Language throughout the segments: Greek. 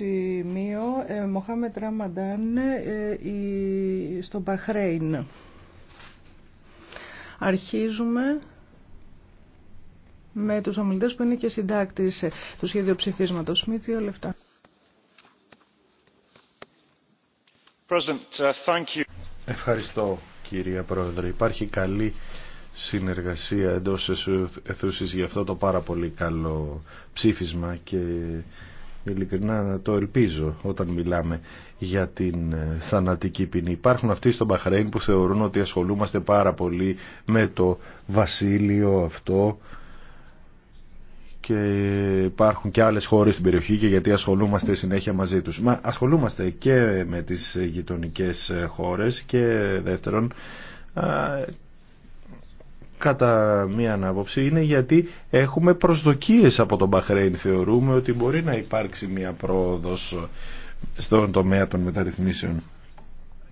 σημείο ε, Μοχάμετ Ραμαντάν ε, η, στο Μπαχρέιν. Αρχίζουμε με τους ομιλητές που είναι και συντάκτης ε, του σχέδιου ψηφίσματος. Σμίτ, δύο λεπτά. Uh, Ευχαριστώ κυρία Πρόεδρε. Υπάρχει καλή συνεργασία εντός εθούσης για αυτό το πάρα πολύ καλό ψήφισμα και ειλικρινά το ελπίζω όταν μιλάμε για την ε, θανατική ποινή. Υπάρχουν αυτοί στον Μπαχρέιν που θεωρούν ότι ασχολούμαστε πάρα πολύ με το βασίλειο αυτό και υπάρχουν και άλλες χώρες στην περιοχή και γιατί ασχολούμαστε συνέχεια μαζί τους. Μα ασχολούμαστε και με τις γειτονικές ε, χώρες και ε, δεύτερον κατά μία ανάποψη είναι γιατί έχουμε προσδοκίες από τον Μπαχρέιν. Θεωρούμε ότι μπορεί να υπάρξει μία πρόοδος στον τομέα των μεταρρυθμίσεων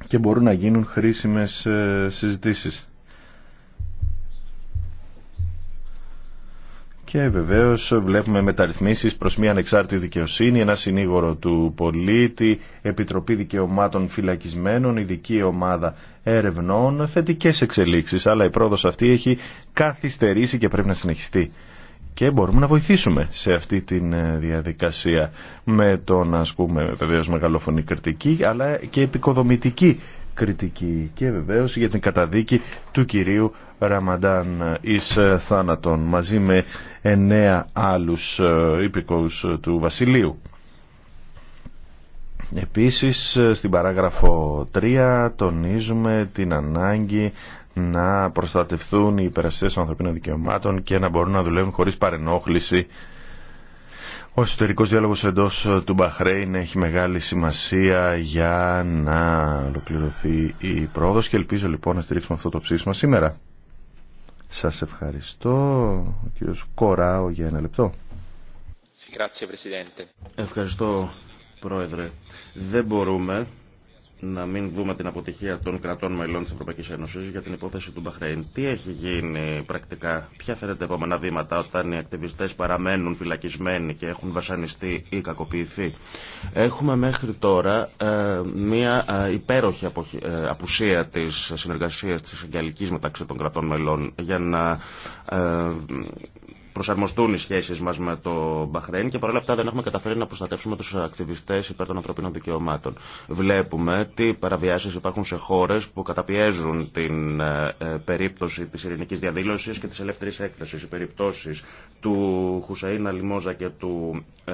και μπορούν να γίνουν χρήσιμες ε, συζητήσεις. Και βεβαίω βλέπουμε μεταρρυθμίσεις προς μια ανεξάρτητη δικαιοσύνη, ένα συνήγορο του πολίτη, Επιτροπή Δικαιωμάτων Φυλακισμένων, ειδική ομάδα έρευνών, θετικές εξελίξεις, αλλά η πρόοδος αυτή έχει καθυστερήσει και πρέπει να συνεχιστεί. Και μπορούμε να βοηθήσουμε σε αυτή τη ε, διαδικασία με το να ασκούμε βεβαίω μεγαλοφωνή κριτική, αλλά και επικοδομητική κριτική και βεβαίως για την καταδίκη του κυρίου Ραμαντάν εις ε, θάνατον μαζί με εννέα άλλους ε, υπηκόους ε, του βασιλείου. Επίσης στην παράγραφο 3 τονίζουμε την ανάγκη να προστατευθούν οι υπερασίες των ανθρωπίνων δικαιωμάτων και να μπορούν να δουλεύουν χωρίς παρενόχληση ο εσωτερικό διάλογος εντό ε, του Μπαχρέιν έχει μεγάλη σημασία για να ολοκληρωθεί η πρόοδο και ελπίζω λοιπόν να στηρίξουμε αυτό το ψήφισμα σήμερα. Σας ευχαριστώ. Ο κύριος Κοράο για ένα λεπτό. Ευχαριστώ Πρόεδρε. Δεν μπορούμε να μην δούμε την αποτυχία των κρατών μελών της Ευρωπαϊκής Ένωσης για την υπόθεση του Μπαχρέιν. Τι έχει γίνει πρακτικά, ποια θα επόμενα βήματα όταν οι ακτιβιστές παραμένουν φυλακισμένοι και έχουν βασανιστεί ή κακοποιηθεί. Έχουμε μέχρι τώρα ε, μια ε, υπέροχη ε, απουσία της συνεργασίας της εγκαλικής μεταξύ των κρατών μελών για να προσαρμοστούν οι σχέσει μα με το Μπαχρέιν και παρόλα αυτά δεν έχουμε καταφέρει να προστατεύσουμε του ακτιβιστέ υπέρ των ανθρωπίνων δικαιωμάτων. Βλέπουμε τι παραβιάσει υπάρχουν σε χώρε που καταπιέζουν την ε, ε, περίπτωση τη ειρηνική διαδήλωση και τη ελεύθερη έκφραση. Οι περιπτώσει του Χουσαίνα Λιμόζα και του ε,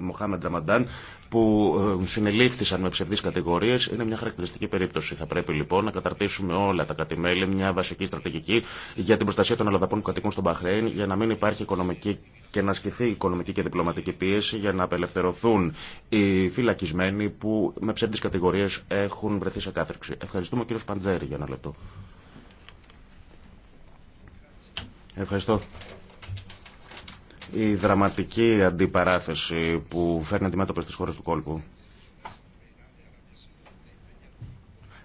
Μοχάμεντ Ραμαντάν που ε, συνελήφθησαν με ψευδείς κατηγορίες είναι μια χαρακτηριστική περίπτωση. Θα πρέπει λοιπόν να καταρτήσουμε όλα τα κατημέλη μια βασική στρατηγική για την προστασία των αλλοδαπών που κατοικούν στον Παχρέν για να μην υπάρχει οικονομική και να ασκηθεί οικονομική και διπλωματική πίεση για να απελευθερωθούν οι φυλακισμένοι που με ψεύδεις κατηγορίες έχουν βρεθεί σε κάθριξη. Ευχαριστούμε κύριο Παντζέρη για ένα λεπτό. Ευχαριστώ η δραματική αντιπαράθεση που φέρνει αντιμέτωπες στις χώρες του κόλπου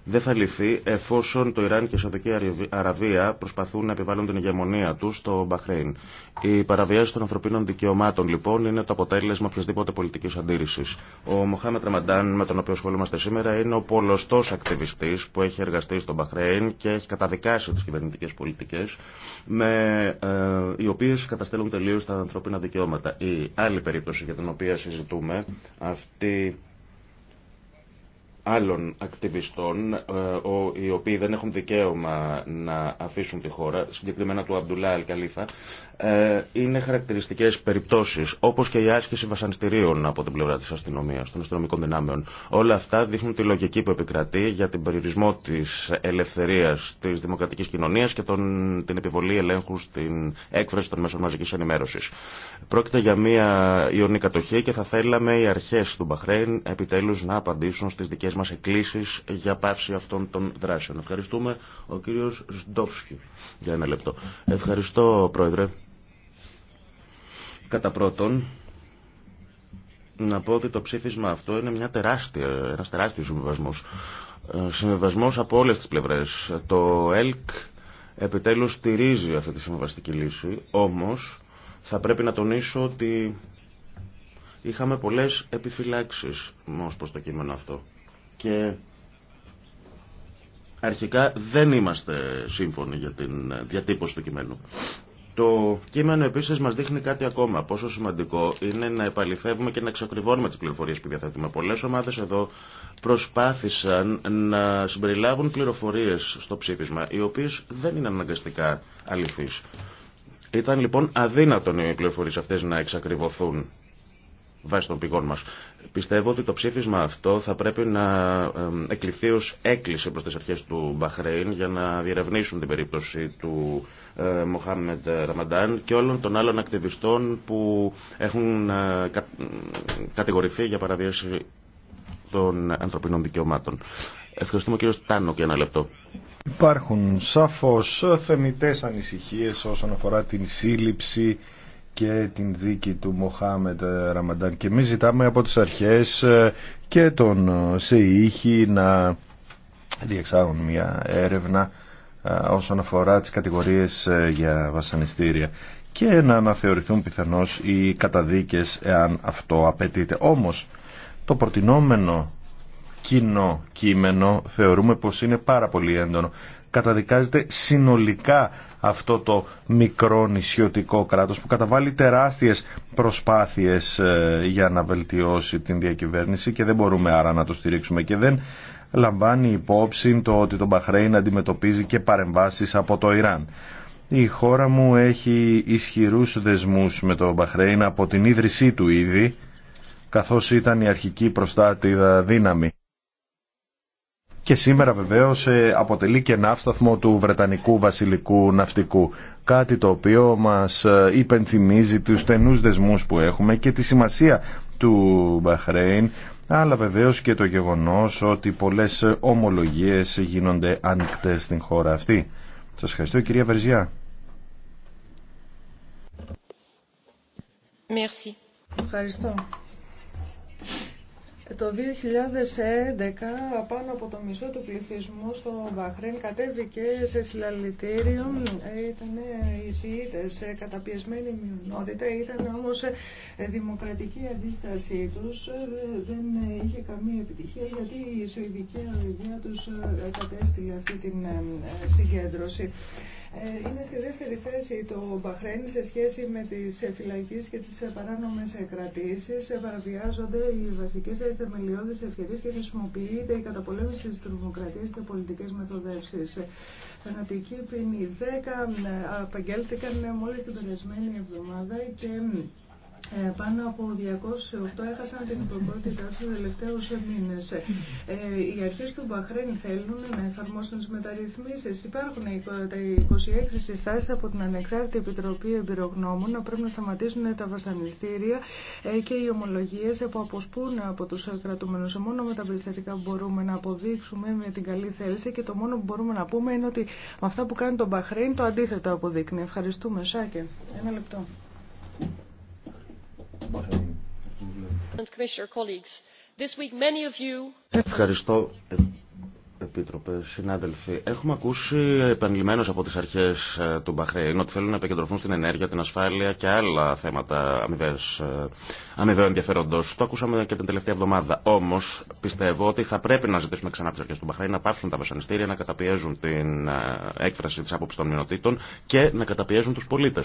δεν θα λυθεί εφόσον το Ιράν και η Σαουδική Αραβία προσπαθούν να επιβάλλουν την ηγεμονία του στο Μπαχρέιν. Οι παραβίαση των ανθρωπίνων δικαιωμάτων λοιπόν είναι το αποτέλεσμα οποιασδήποτε πολιτική αντίρρηση. Ο Μοχάμετ Ραμαντάν, με τον οποίο ασχολούμαστε σήμερα, είναι ο πολλωστό ακτιβιστή που έχει εργαστεί στο Μπαχρέιν και έχει καταδικάσει τι κυβερνητικέ πολιτικέ, ε, οι οποίε καταστέλουν τελείω τα ανθρώπινα δικαιώματα. Η άλλη περίπτωση για την οποία συζητούμε, αυτή άλλων ακτιβιστών, ε, οι οποίοι δεν έχουν δικαίωμα να αφήσουν τη χώρα, συγκεκριμένα του Αμπτουλά Αλκαλίθα, ε, είναι χαρακτηριστικές περιπτώσεις, όπως και η άσκηση βασανιστήριων από την πλευρά της αστυνομίας, των αστυνομικών δυνάμεων. Όλα αυτά δείχνουν τη λογική που επικρατεί για την περιορισμό της ελευθερίας της δημοκρατικής κοινωνίας και τον, την επιβολή ελέγχου στην έκφραση των μέσων μαζικής ενημέρωσης. Πρόκειται για μια ιονή κατοχή και θα θέλαμε οι αρχές του Μπαχρέν επιτέλους να απαντήσουν στις δικέ μας μας για πάυση αυτών των δράσεων. Ευχαριστούμε ο κύριος Σντόφσκι για ένα λεπτό. Ευχαριστώ, Πρόεδρε. Κατά πρώτον, να πω ότι το ψήφισμα αυτό είναι μια τεράστια, ένας τεράστιος συμβιβασμός. Ε, συμβιβασμός από όλες τις πλευρές. Το ΕΛΚ επιτέλους στηρίζει αυτή τη συμβαστική λύση, όμως θα πρέπει να τονίσω ότι είχαμε πολλές επιφυλάξεις ως προς το κείμενο αυτό και αρχικά δεν είμαστε σύμφωνοι για την διατύπωση του κειμένου. Το κείμενο επίσης μας δείχνει κάτι ακόμα, πόσο σημαντικό είναι να επαληθεύουμε και να εξακριβώνουμε τις πληροφορίες που διαθέτουμε. Πολλές ομάδες εδώ προσπάθησαν να συμπεριλάβουν πληροφορίες στο ψήφισμα, οι οποίες δεν είναι αναγκαστικά αληθείς. Ήταν λοιπόν αδύνατον οι πληροφορίες αυτές να εξακριβωθούν βάσει των πηγών μας. Πιστεύω ότι το ψήφισμα αυτό θα πρέπει να εκλειφθεί ως έκκληση προς τις αρχές του Μπαχρέιν για να διερευνήσουν την περίπτωση του ε, Μοχάμεντ Ραμαντάν και όλων των άλλων ακτιβιστών που έχουν ε, κατηγορηθεί για παραβίαση των ανθρωπινών δικαιωμάτων. Ευχαριστούμε κύριο Στάνο και ένα λεπτό. Υπάρχουν σαφώς θεμητές ανησυχίες όσον αφορά την σύλληψη και την δίκη του Μοχάμετ ε, Ραμαντάν και εμείς ζητάμε από τις αρχές ε, και τον ε, ΣΕΙΧΙ να διεξάγουν μια έρευνα όσον αφορά τις κατηγορίες για βασανιστήρια και να αναθεωρηθούν πιθανώς οι καταδίκες εάν αυτό απαιτείται. Όμως το προτινόμενο κοινό κείμενο θεωρούμε πως είναι πάρα πολύ έντονο καταδικάζεται συνολικά αυτό το μικρό νησιωτικό κράτος που καταβάλει τεράστιες προσπάθειες ε, για να βελτιώσει την διακυβέρνηση και δεν μπορούμε άρα να το στηρίξουμε και δεν λαμβάνει υπόψη το ότι το Μπαχρέιν αντιμετωπίζει και παρεμβάσεις από το Ιράν. Η χώρα μου έχει ισχυρούς δεσμούς με το Μπαχρέιν από την ίδρυσή του ήδη, καθώς ήταν η αρχική προστάτηδα δύναμη και σήμερα βεβαίως ε, αποτελεί και ναύσταθμο του Βρετανικού Βασιλικού Ναυτικού. Κάτι το οποίο μας ε, υπενθυμίζει τους στενούς δεσμούς που έχουμε και τη σημασία του Μπαχρέιν αλλά βεβαίως και το γεγονός ότι πολλές ομολογίες γίνονται ανοιχτές στην χώρα αυτή. Σας ευχαριστώ κυρία Βερζιά. Merci. Το 2011 πάνω από το μισό του πληθυσμού στο Μπαχρέν κατέβηκε σε συλλαλητήριο. Ήταν οι ΣΥΙΤΕΣ καταπιεσμένη μειονότητα, ήταν όμως δημοκρατική αντίστασή τους. Δεν είχε καμία επιτυχία γιατί η Σουηδική για τους κατέστηλε αυτή την ε, συγκέντρωση. Ε, είναι στη δεύτερη θέση το Μπαχρέν σε σχέση με τις φυλακίες και τις παράνομες κρατήσεις. Παραβιάζονται οι βασικές θεμελιώδεις ευκαιρίες και χρησιμοποιείται η καταπολέμηση της τρομοκρατίας και πολιτικές μεθοδεύσεις. Θανατική ποινή 10 ε, απαγγέλθηκαν μόλις την περασμένη εβδομάδα και ε, πάνω από 208 έχασαν την υποκότητά του τελευταίους μήνες. μήνε. οι αρχέ του Μπαχρέν θέλουν να εφαρμόσουν τις μεταρρυθμίσει. Υπάρχουν τα 26 συστάσεις από την Ανεξάρτητη Επιτροπή Εμπειρογνώμων να πρέπει να σταματήσουν τα βασανιστήρια ε, και οι ομολογίες που αποσπούν από του κρατούμενου. Μόνο με τα περιστατικά που μπορούμε να αποδείξουμε με την καλή θέληση και το μόνο που μπορούμε να πούμε είναι ότι με αυτά που κάνει τον Μπαχρέν το αντίθετο αποδείκνει. Ευχαριστούμε. Σάκε, ένα λεπτό. Ευχαριστώ, ε, Επίτροπε, συνάδελφοι. Έχουμε ακούσει επανειλημμένως από τις αρχές ε, του Μπαχρέιν ότι θέλουν να επικεντρωθούν στην ενέργεια, την ασφάλεια και άλλα θέματα ε, αμοιβαίου ενδιαφέροντό Το ακούσαμε και την τελευταία εβδομάδα. Όμως πιστεύω ότι θα πρέπει να ζητήσουμε ξανά από τις αρχές του Μπαχρέιν να πάψουν τα βασανιστήρια, να καταπιέζουν την έκφραση τη άποψη των μειονοτήτων και να καταπιέζουν τους πολίτε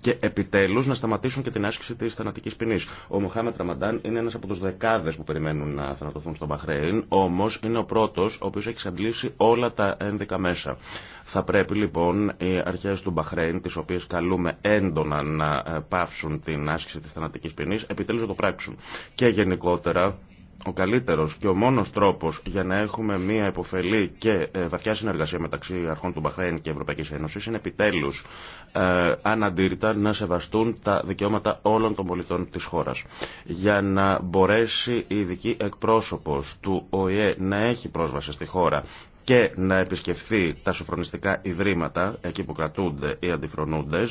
και επιτέλους να σταματήσουν και την άσκηση της θανατικής ποινής. Ο Μουχάμετ Ραμαντάν είναι ένας από τους δεκάδες που περιμένουν να θανατωθούν στο Μπαχρέιν, όμως είναι ο πρώτος ο οποίος έχει εξαντλήσει όλα τα ένδικα μέσα. Θα πρέπει λοιπόν οι αρχές του Μπαχρέιν, τις οποίες καλούμε έντονα να ε, πάυσουν την άσκηση της θανατικής ποινής, επιτέλους να το πράξουν. Και γενικότερα ο καλύτερος και ο μόνος τρόπος για να έχουμε μια υποφελή και ε, βαθιά συνεργασία μεταξύ αρχών του Μπαχρέν και Ευρωπαϊκής Ένωσης είναι επιτέλους ε, αναντήρητα να σεβαστούν τα δικαιώματα όλων των πολιτών της χώρας. Για να μπορέσει η ειδική εκπρόσωπος του ΟΗΕ να έχει πρόσβαση στη χώρα και να επισκεφθεί τα σοφρονιστικά ιδρύματα, εκεί που κρατούνται οι αντιφρονούντε,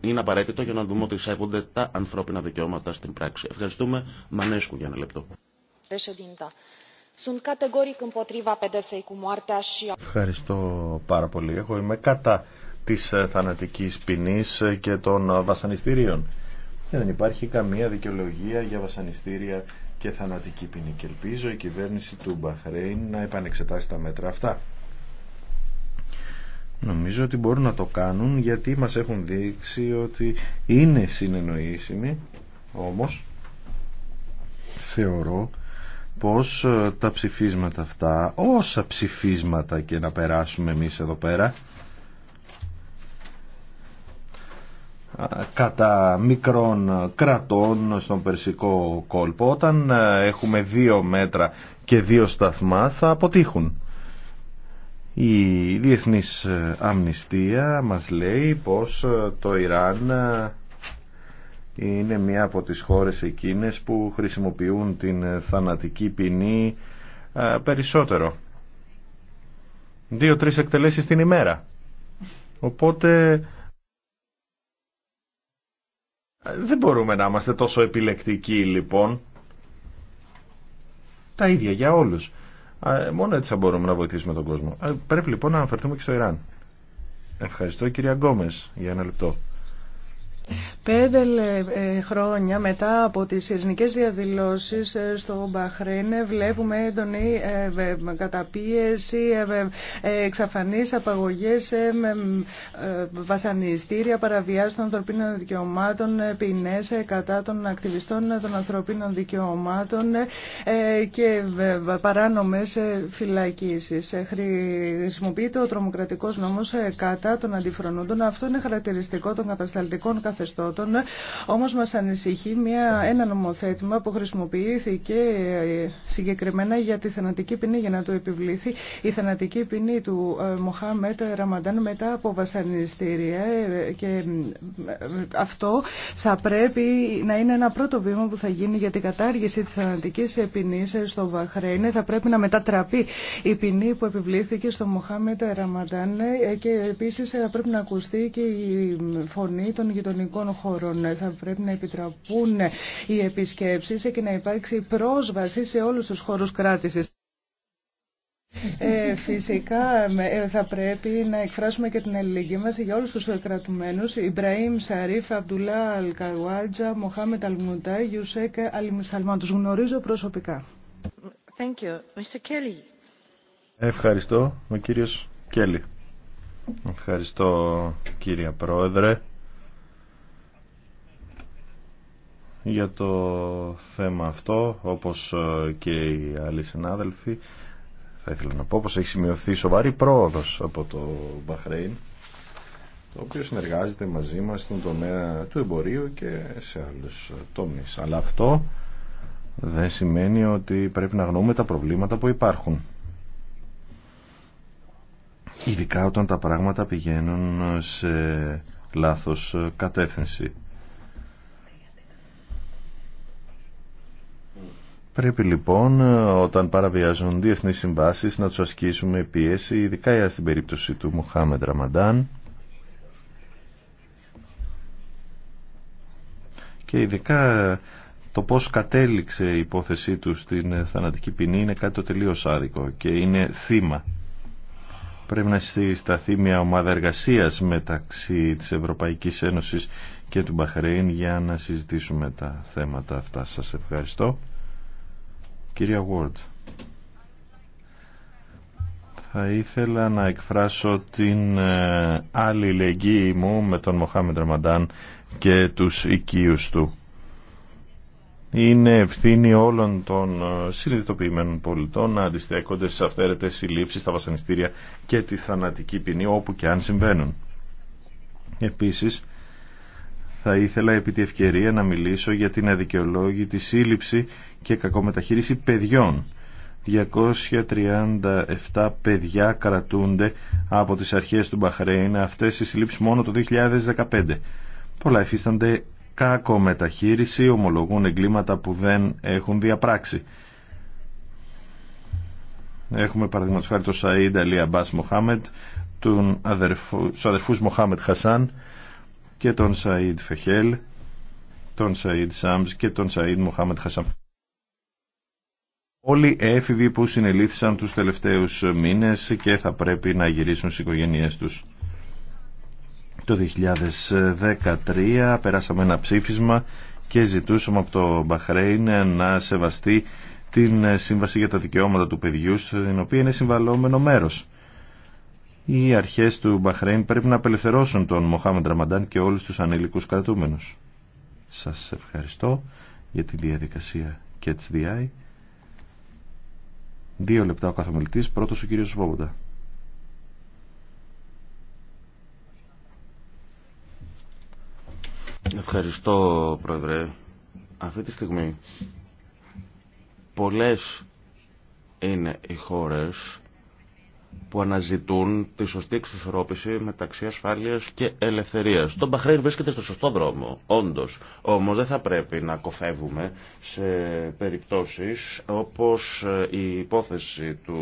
είναι απαραίτητο για να δούμε ότι σέβονται τα ανθρώπινα δικαιώματα στην πράξη. Ευχαριστούμε. Μανέσκου για ένα λεπτό. Ευχαριστώ πάρα πολύ. Εγώ είμαι κατά τη ε, θανατική ποινή ε, και των ε, βασανιστήριων. Δεν υπάρχει καμία δικαιολογία για βασανιστήρια και θανατική ποινή και ελπίζω η κυβέρνηση του Μπαχρέιν να επανεξετάσει τα μέτρα αυτά. Νομίζω ότι μπορούν να το κάνουν γιατί μας έχουν δείξει ότι είναι συνεννοήσιμοι όμως θεωρώ πως ε, τα ψηφίσματα αυτά όσα ψηφίσματα και να περάσουμε εμείς εδώ πέρα κατά μικρών κρατών στον Περσικό κόλπο. Όταν ε, έχουμε δύο μέτρα και δύο σταθμά θα αποτύχουν. Η Διεθνής ε, Αμνηστία μας λέει πως ε, το Ιράν είναι μία από τις χώρες εκείνες που χρησιμοποιούν την θανατική ποινή περισσότερο. Δύο-τρεις εκτελέσεις την ημέρα. Οπότε δεν μπορούμε να είμαστε τόσο επιλεκτικοί λοιπόν. Τα ίδια για όλους. Μόνο έτσι θα μπορούμε να βοηθήσουμε τον κόσμο. Πρέπει λοιπόν να αναφερθούμε και στο Ιράν. Ευχαριστώ κυρία Γκόμες για ένα λεπτό. Πέντε χρόνια μετά από τις ειρηνικές διαδηλώσεις ε, στο Μπαχρέν ε, βλέπουμε έντονη ε, καταπίεση, εξαφανείς απαγωγές, βασανιστήρια, παραβιάσεις των ανθρωπίνων δικαιωμάτων, ποινές κατά των ακτιβιστών των ανθρωπίνων δικαιωμάτων και παράνομες φυλακίσεις. Χρησιμοποιείται ο τρομοκρατικός νόμος κατά των αντιφρονούντων. Αυτό είναι χαρακτηριστικό των κατασταλτικών καθεστώτων πρώτον. Όμως μας ανησυχεί μια, ένα νομοθέτημα που χρησιμοποιήθηκε ε, συγκεκριμένα για τη θανατική ποινή για να το επιβληθεί η θανατική ποινή του ε, Μοχάμετ Ραμαντάν μετά από βασανιστήρια ε, και αυτό θα πρέπει να είναι ένα πρώτο βήμα που θα γίνει για την κατάργηση της θανατικής ποινής στο Βαχρέιν. Θα πρέπει να μετατραπεί η ποινή που επιβλήθηκε στο Μοχάμετ Ραμαντάν και επίσης θα πρέπει να ακουστεί και η φωνή των γειτονικών χωρών. Θα πρέπει να επιτραπούν οι επισκέψεις και να υπάρξει πρόσβαση σε όλους τους χώρους κράτησης. Ε, φυσικά ε, θα πρέπει να εκφράσουμε και την ελληνική μας για όλους τους κρατουμένους Ιμπραήμ Σαρίφ, Αμπτουλά Αλκαγουάτζα, Μοχάμετ Αλμουντά, Ιουσέκ Αλμισαλμάν. Τους γνωρίζω προσωπικά. Thank you. Mr. Kelly. Ευχαριστώ. Ο κύριος Κέλλη. Ευχαριστώ κύριε Πρόεδρε. για το θέμα αυτό, όπως ε, και οι άλλοι συνάδελφοι. Θα ήθελα να πω πως έχει σημειωθεί σοβαρή πρόοδος από το Μπαχρέιν, το οποίο συνεργάζεται μαζί μας στον τομέα του εμπορίου και σε άλλους τομείς. Αλλά αυτό δεν σημαίνει ότι πρέπει να γνωρούμε τα προβλήματα που υπάρχουν. Ειδικά όταν τα πράγματα πηγαίνουν σε λάθος κατεύθυνση. Πρέπει λοιπόν ε, όταν παραβιάζουν διεθνείς συμβάσεις να τους ασκήσουμε πίεση, ειδικά στην περίπτωση του Μουχάμεντ Ραμαντάν και ειδικά ε, το πώς κατέληξε η υπόθεσή του στην ε, θανατική ποινή είναι κάτι το τελείως άδικο και είναι θύμα. Πρέπει να συσταθεί μια ομάδα εργασίας μεταξύ της Ευρωπαϊκής Ένωσης και του Μπαχρέιν για να συζητήσουμε τα θέματα αυτά. Σας ευχαριστώ. Κυρία Ward, θα ήθελα να εκφράσω την αλληλεγγύη ε, μου με τον Μοχάμεντ Ραμαντάν και τους οικείους του. Είναι ευθύνη όλων των ε, συνειδητοποιημένων πολιτών να αντιστέκονται στι αυθαίρετε συλλήψει, στα βασανιστήρια και τη θανατική ποινή όπου και αν συμβαίνουν. Επίσης, θα ήθελα επί τη ευκαιρία να μιλήσω για την αδικαιολόγητη σύλληψη και κακομεταχείριση παιδιών. 237 παιδιά κρατούνται από τις αρχές του Μπαχρέιν, αυτές οι συλλήψεις μόνο το 2015. Πολλά εφίστανται κακομεταχείριση, ομολογούν εγκλήματα που δεν έχουν διαπράξει. Έχουμε παραδείγματος χάρη τον Σαΐντ Αλία Μπάς Μοχάμετ, τους αδερφούς Μοχάμετ Χασάν, και τον Σαΐντ Φεχέλ, τον Σαΐντ Σάμς και τον Σαΐντ Μοχάμετ Χασαμ. Όλοι έφηβοι που συνελήφθησαν τους τελευταίους μήνες και θα πρέπει να γυρίσουν στις οικογένειές τους. Το 2013 περάσαμε ένα ψήφισμα και ζητούσαμε από το Μπαχρέιν να σεβαστεί την Σύμβαση για τα Δικαιώματα του Παιδιού, στην οποία είναι συμβαλόμενο μέρος οι αρχέ του Μπαχρέιν πρέπει να απελευθερώσουν τον Μοχάμεντ Ραμαντάν και όλους τους ανήλικου κρατούμενου. Σας ευχαριστώ για τη διαδικασία και the Δύο λεπτά ο καθομιλητής, πρώτος ο κύριος Βόμποντα. Ευχαριστώ, Πρόεδρε. Αυτή τη στιγμή πολλές είναι οι χώρες που αναζητούν τη σωστή εξισορρόπηση μεταξύ ασφάλεια και ελευθερία. Το Μπαχρέιν βρίσκεται στο σωστό δρόμο, όντω. Όμω δεν θα πρέπει να κοφεύουμε σε περιπτώσει όπω ε, η υπόθεση του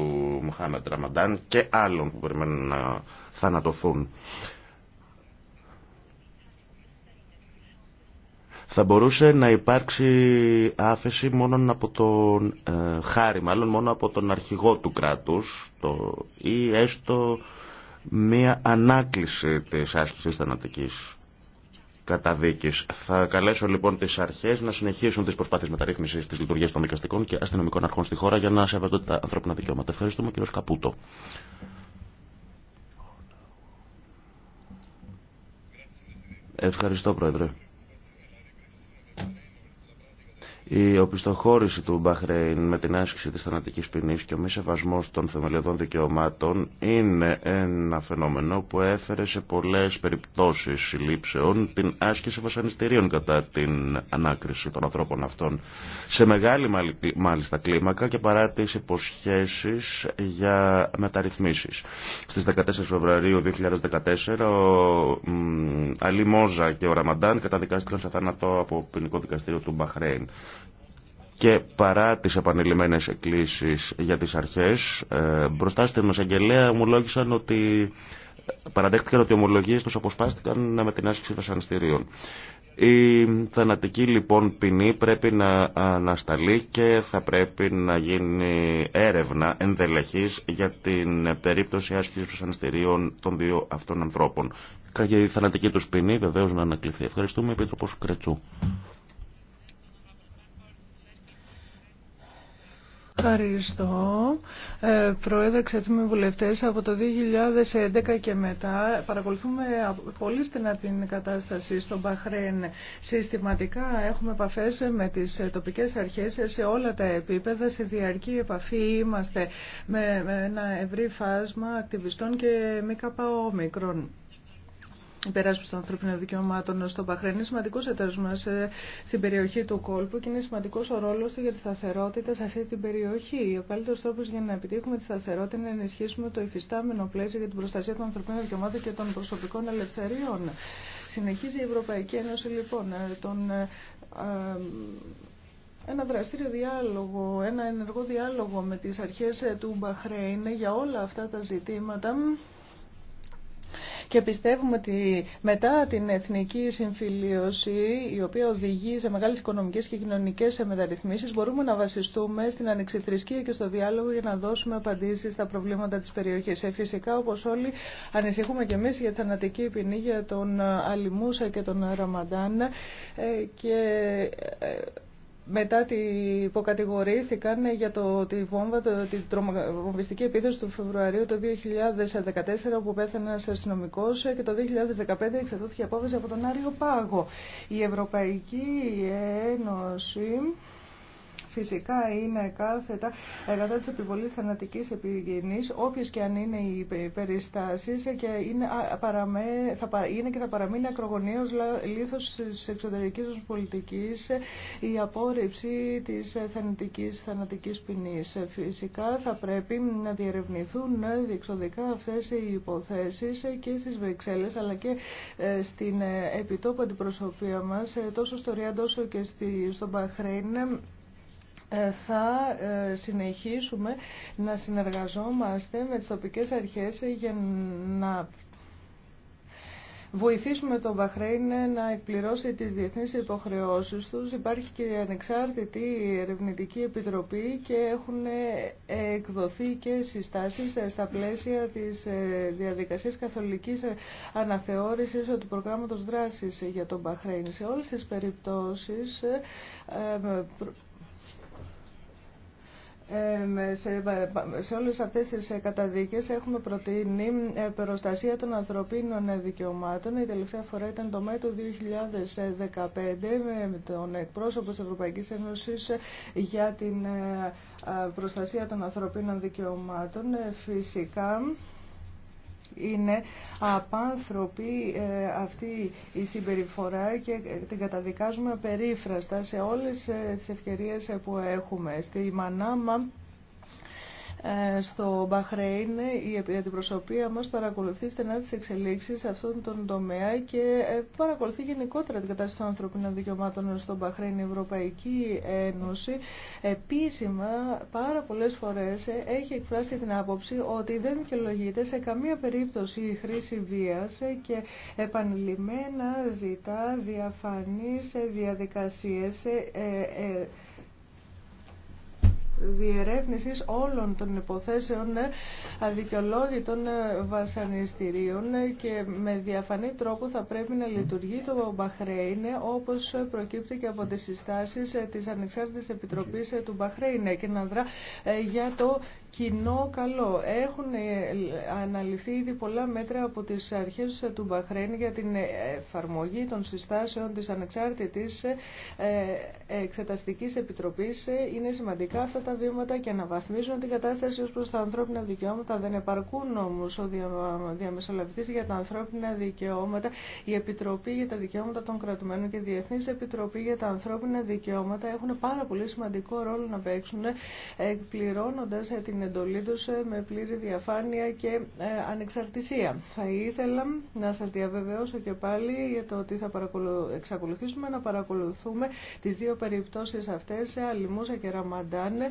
Μουχάμετ Ραμαντάν και άλλων που περιμένουν να θανατωθούν. Θα μπορούσε να υπάρξει άφεση μόνο από τον ε, χάρη, μάλλον μόνο από τον αρχηγό του κράτους το, ή έστω μία ανάκληση της άσκησης θανατικής καταδίκης. Θα καλέσω λοιπόν τις αρχές να συνεχίσουν τις προσπάθειες μεταρρύθμισης της λειτουργίας των δικαστικών και αστυνομικών αρχών στη χώρα για να σεβαστούν τα ανθρώπινα δικαιώματα. Ευχαριστούμε κύριο Καπούτο. Ευχαριστώ πρόεδρε. Η οπισθοχώρηση του Μπαχρέιν με την άσκηση της θανατικής ποινής και ο μη σεβασμός των θεμελιωδών δικαιωμάτων είναι ένα φαινόμενο που έφερε σε πολλές περιπτώσεις συλλήψεων την άσκηση βασανιστήριων κατά την ανάκριση των ανθρώπων αυτών σε μεγάλη μάλιστα κλίμακα και παρά τις υποσχέσεις για μεταρρυθμίσεις. Στις 14 Φεβρουαρίου 2014 ο Αλή Μόζα και ο Ραμαντάν καταδικάστηκαν σε θάνατο από ποινικό δικαστήριο του Μπαχρέιν και παρά τις επανειλημμένες εκκλήσεις για τις αρχές, ε, μπροστά στην εισαγγελέα ομολόγησαν ότι παραδέχτηκαν ότι οι ομολογίες τους αποσπάστηκαν με την άσκηση βασανιστήριων. Η θανατική λοιπόν ποινή πρέπει να ανασταλεί και θα πρέπει να γίνει έρευνα ενδελεχής για την περίπτωση άσκησης βασανιστήριων των δύο αυτών ανθρώπων. Και η θανατική τους ποινή βεβαίως να ανακληθεί. Ευχαριστούμε Επίτροπος Κρετσού. Ευχαριστώ. Ε, Πρόεδρε, εξαιρετικοί βουλευτέ, από το 2011 και μετά παρακολουθούμε πολύ στενά την κατάσταση στον Μπαχρέν. Συστηματικά έχουμε επαφέ με τι τοπικέ αρχέ σε όλα τα επίπεδα. Σε διαρκή επαφή είμαστε με, με ένα ευρύ φάσμα ακτιβιστών και μη καπαόμικρων υπεράσπιση των ανθρωπίνων δικαιωμάτων στο Παχρέν. Είναι σημαντικό εταίρο μα ε, στην περιοχή του κόλπου και είναι σημαντικό ο ρόλο του για τη σταθερότητα σε αυτή την περιοχή. Ο καλύτερο τρόπο για να επιτύχουμε τη σταθερότητα είναι να ενισχύσουμε το υφιστάμενο πλαίσιο για την προστασία των ανθρωπίνων δικαιωμάτων και των προσωπικών ελευθεριών. Συνεχίζει η Ευρωπαϊκή Ένωση λοιπόν ε, τον, ε, ένα δραστήριο διάλογο, ένα ενεργό διάλογο με τις αρχές του Μπαχρέιν για όλα αυτά τα ζητήματα και πιστεύουμε ότι μετά την εθνική συμφιλίωση, η οποία οδηγεί σε μεγάλες οικονομικές και κοινωνικές μεταρρυθμίσεις, μπορούμε να βασιστούμε στην ανεξιθρησκεία και στο διάλογο για να δώσουμε απαντήσεις στα προβλήματα της περιοχής. Ε, φυσικά, όπως όλοι, ανησυχούμε και εμείς για θανατική ποινή, για τον Αλιμούσα και τον Ραμαντάν ε, και ε, μετά τη, που για το, τη βόμβα, το, την τρομοβιστική επίθεση του Φεβρουαρίου το 2014 όπου πέθανε ένας αστυνομικό και το 2015 εξεδόθηκε απόφαση από τον Άριο Πάγο. Η Ευρωπαϊκή Ένωση φυσικά είναι κάθετα κατά τη επιβολή θανατικής επιγενής, όποιε και αν είναι οι περιστάσει, και είναι, παραμέ, θα, και θα παραμείνει ακρογωνίω λίθο τη εξωτερική μα πολιτική η απόρριψη της θανατική θανατικής ποινής. Φυσικά θα πρέπει να διερευνηθούν διεξοδικά αυτέ οι υποθέσει και στι Βρυξέλλες αλλά και ε, στην ε, επιτόπου αντιπροσωπεία μας ε, τόσο στο Ριάντ όσο και στον Μπαχρέιν ε, θα ε, συνεχίσουμε να συνεργαζόμαστε με τις τοπικές αρχές για να βοηθήσουμε τον Μπαχρέιν να εκπληρώσει τις διεθνείς υποχρεώσεις τους. Υπάρχει και η ανεξάρτητη ερευνητική επιτροπή και έχουν εκδοθεί και συστάσεις στα πλαίσια της ε, διαδικασίας καθολικής αναθεώρησης του προγράμματος δράσης για τον Μπαχρέιν. Σε όλες τις περιπτώσεις σε, σε όλες αυτές τις ε, καταδίκες έχουμε προτείνει ε, προστασία των ανθρωπίνων ε, δικαιωμάτων. Η τελευταία φορά ήταν το ΜΕΤΟ 2015 με τον εκπρόσωπο της Ευρωπαϊκής Ένωσης για την προστασία των ανθρωπίνων δικαιωμάτων. Φυσικά είναι απάνθρωπη ε, αυτή η συμπεριφορά και την καταδικάζουμε περίφραστα σε όλες ε, τις ευκαιρίες ε, που έχουμε. Στη Μανάμα ε, στο Μπαχρέιν η αντιπροσωπεία μας παρακολουθεί στενά τις εξελίξεις σε αυτόν τον τομέα και ε, παρακολουθεί γενικότερα την κατάσταση των ανθρωπίνων δικαιωμάτων στο Μπαχρέιν η Ευρωπαϊκή Ένωση. Επίσημα πάρα πολλές φορές ε, έχει εκφράσει την άποψη ότι δεν δικαιολογείται σε καμία περίπτωση η χρήση βίας και επανειλημμένα ζητά διαφανείς διαδικασίες διερεύνησης όλων των υποθέσεων ε, αδικαιολόγητων ε, βασανιστήριων ε, και με διαφανή τρόπο θα πρέπει να λειτουργεί το Μπαχρέιν όπως προκύπτει και από τις συστάσεις της Ανεξάρτητης Επιτροπής του Μπαχρέιν και να δρά για το κοινό καλό. Έχουν ε, αναλυθεί ήδη πολλά μέτρα από τις αρχές του Μπαχρέν για την εφαρμογή των συστάσεων της ανεξάρτητης ε, εξεταστικής επιτροπής. Είναι σημαντικά αυτά τα βήματα και αναβαθμίζουν την κατάσταση ως προς τα ανθρώπινα δικαιώματα. Δεν επαρκούν όμως ο διαμεσολαβητής για τα ανθρώπινα δικαιώματα, η Επιτροπή για τα Δικαιώματα των Κρατουμένων και η Διεθνής Επιτροπή για τα Ανθρώπινα Δικαιώματα έχουν πάρα πολύ σημαντικό ρόλο να παίξουν ε, εκπληρώνοντας την την εντολή τους ε, με πλήρη διαφάνεια και ε, ανεξαρτησία. Θα ήθελα να σας διαβεβαιώσω και πάλι για το ότι θα εξακολουθήσουμε να παρακολουθούμε τις δύο περιπτώσεις αυτές, ε, Αλιμούσα και ραμαντάνε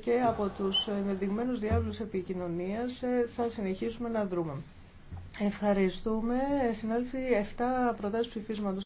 και από τους ενδειγμένους διάβλους επικοινωνίας θα συνεχίσουμε να δρούμε. Ευχαριστούμε. Συνάλφοι, 7 προτάσεις ψηφίσματος.